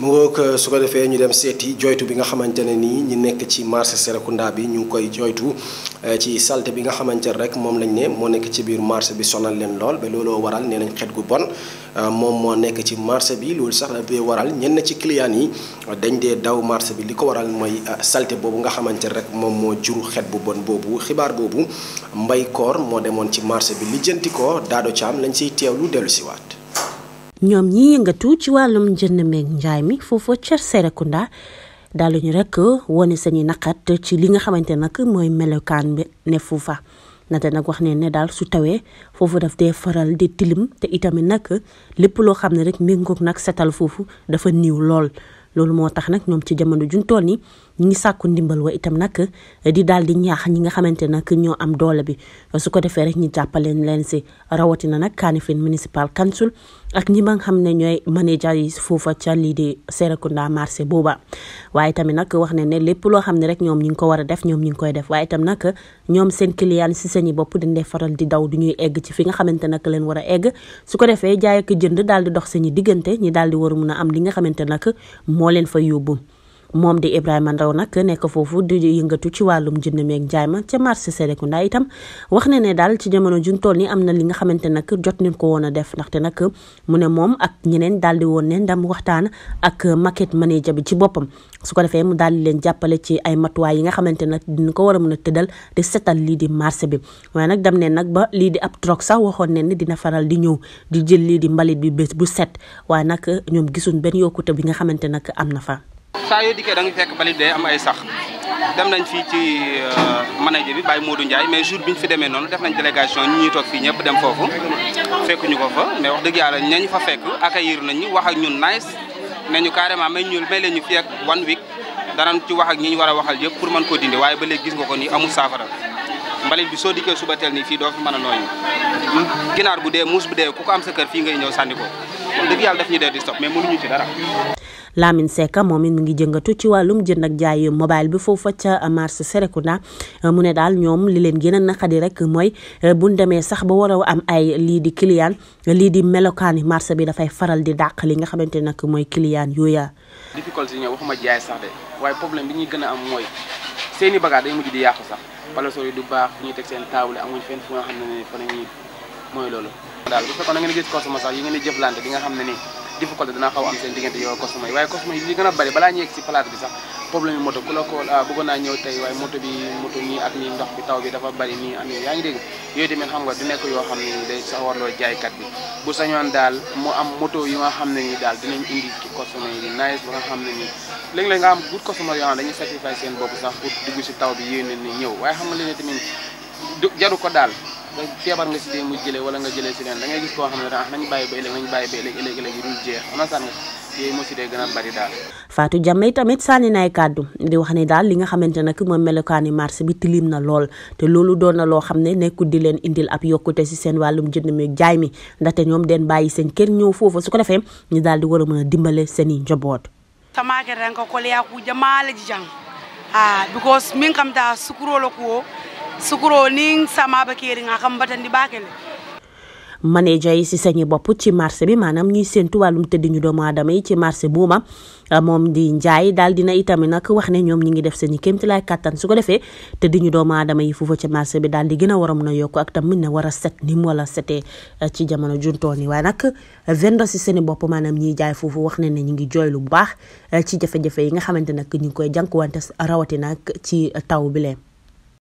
mu ngoog euh, su ko defee ñu dem seeti jooytu bi nga xamante ne nii ñu nekk ci marché Serekunda bi ñu koy joytu euh, ci salte bi nga xamante ne rek moom lañ ne moo nekk ci biir marché bi sonal leen lool ba looloo waral nee nañ xet gu bon euh, moom moo nekk ci marché bi loolu sax dafay waral ñenn ci clients yi dañ dee daw marché bi li ko waral mooy salte boobu nga xamante ne rek moom moo juru xet bu bon boobu xibaar boobu mbay koor moo demoon ci marché bi lijjanti ko daado caam lañ siy teewlu dellu siwaat ñoom ñi yëngatu ci wàllum njënd meeg njaay mi foofa ca Serekunda daal ñu rek wone sañuy naqat ci li nga xamante nag mooy melokaan bi ne foofa na nag wax ne ne daal su tawee foofu daf dee faral di tilim te itamit nag lépp loo xam ne rek méngoog nag setal foofu dafa niiw lool loolu moo tax nag ñoom ci jamono juntool yi ñi ngi sàkku ndimbal wa itam nag di daal di ñaax ñi nga xamante nag ñoo am doole bi su ko defee rek ñu jàppaleen leen si rawatina nag Kanifing Municipal Council ak ñi ma nga xam ne ñooy manager yi foofa ca lii di Serekunda marché booba waaye tamit nag wax ne ne lépp loo xam ne rek ñoom ñu ngi ko war a def ñoom ñu ngi koy def waaye itam nag ñoom seen client si seen i bopp dañ faral di daw du ñuy egg ci fi nga xamante nag leen war a egg su ko defee jaay ak jënd daal di dox seen i diggante ñi daal di war a mun a am li nga xamante nag moo leen fa yóbbu moom di Ibrahima Ndaw nag nekk foofu di yëngatu ci wàllum jënd meeg jaay ma ca marché Serekunda itam wax na ne daal ci jamono juñ toll ni am na li nga xamante nag jot nañ ko woon a def ndaxte nag mu ne moom ak ñeneen daal di woon ne ndam waxtaan ak market manager bi ci boppam su ko defee mu daal di leen jàppale ci ay matuwaay yi nga xamante nag dina ko war a mën a tëddal di setal lii di marché bi waaye nag dem ne nag ba lii di ab troc sax waxoon ne ni dina faral di ñëw di jël lii di mbalit bi bés bu set waaye nag ñoom gisuñ benn yokkute bi nga xamante nag am na fa saa yoo dikkee da nga fekk mbalit day am ay sax dem nañ fii ci euh, manager bi Baye Modou Ndiaye mais jour bi ñu fi demee noonu def nañ délégation ñu ñuy toog fii ñëpp dem foofu ñu ko fa mais wax dëgg yàlla ñañ fa fekk accueillir nañ ñu wax ak ñun nice ñu carrément may ñu may leen ñu fi ak one week danañ ci wax ak ñi ñu war a waxal yëpp pour man koo dindi waaye ba léegi gis nga ko ni amul saafara mbalit bi soo dikkee suba teel nii fii doo fi mën a ginaar bu dee muus bu dee ku ko am sa kër fii ngay ñëw sànni ko dëgg yàlla daf ñu dee di stop mais ñu ci dara Lamine Seck moom it mu ngi jëngatu ci wàllum jënd ak jaay mobile bi foofa ca marché Serekunda mu ne daal ñoom li leen gën a naqadi rek mooy eh, buñ demee sax ba war a am ay lii di kiliyaan lii di melokaani marché bi dafay faral di dàq li nga xamante ne nag mooy client yooya. difficulté yi ñëw waxuma jaay sax de gën a am mooy seeni bagage day mujj di yàqu sax fu nga xam ne ne fa la mooy loolu. daal bu fekkoon da ngeen gis consommateur yi ngeen di jëflante xam ne nii. difficulté dana xaw am seen diggante yow Cosmo yi waaye Cosmo yi li gën a bari balaa ñuy yegg si place bi ah, ñëw tey waaye moto bi moto nii ak nii ndox bi taw bi dafa bari nii am yaa ngi dégg yooyu tamit xam nga du nekk yoo xam ne day sawarloo jaaykat bi bu mu am moto yi xam ne nii daal dinañ indi ci Cosmo yi di nice ba nga xam ne nii léeg-léeg nga am good customer yoo xam dañuy sacrifice seen bopp sax pour dugg si taw bi yéene ni ñëw waaye xam nga leen tamit jaru ko daal nga feebar nga si dee a bari daal tamit sànni naay kàddu di wax ne daal li nga xamante nag moom melokaani marché bi tilim na lool te loolu doon na loo xam ne nekkul di leen indil ab yokkute si seen wàllum jënd mi jaay mi ndaxte ñoom den bàyyi seen kër ñëw foofu su ko defee ñu daal di war a mën a dimbale seeni njoboot njaboot samake tan ko koleya ku jamaale jijang ah, because min kam ta sukurolo sukurooning samaba keeri nga xam batan di baakele manager yi si sañi bopp ci marché bi maanaam ñuy séentu wàllum tëdd ñu doomu aadama yi ci marché buuma moom di njaay daal dina itamit nag wax ne ñoom ñi ngi def seen i kéemtalaay kàttan su ko defee tëdd ñu doomu aadama yi foofa ci marché bi daal di gën a war a mën a yokk ak tam mën na war a set ni mu wala eh, ci jamono juntoon yi waaye nag vendeur si seen i bopp maanaam ñiy jaay foofu wax ne ne ñu ngi jooy bu baax eh, ci jafe yi nga xamante nag ñu ngi koy jànkuwante rawatina nag ci taw bi leen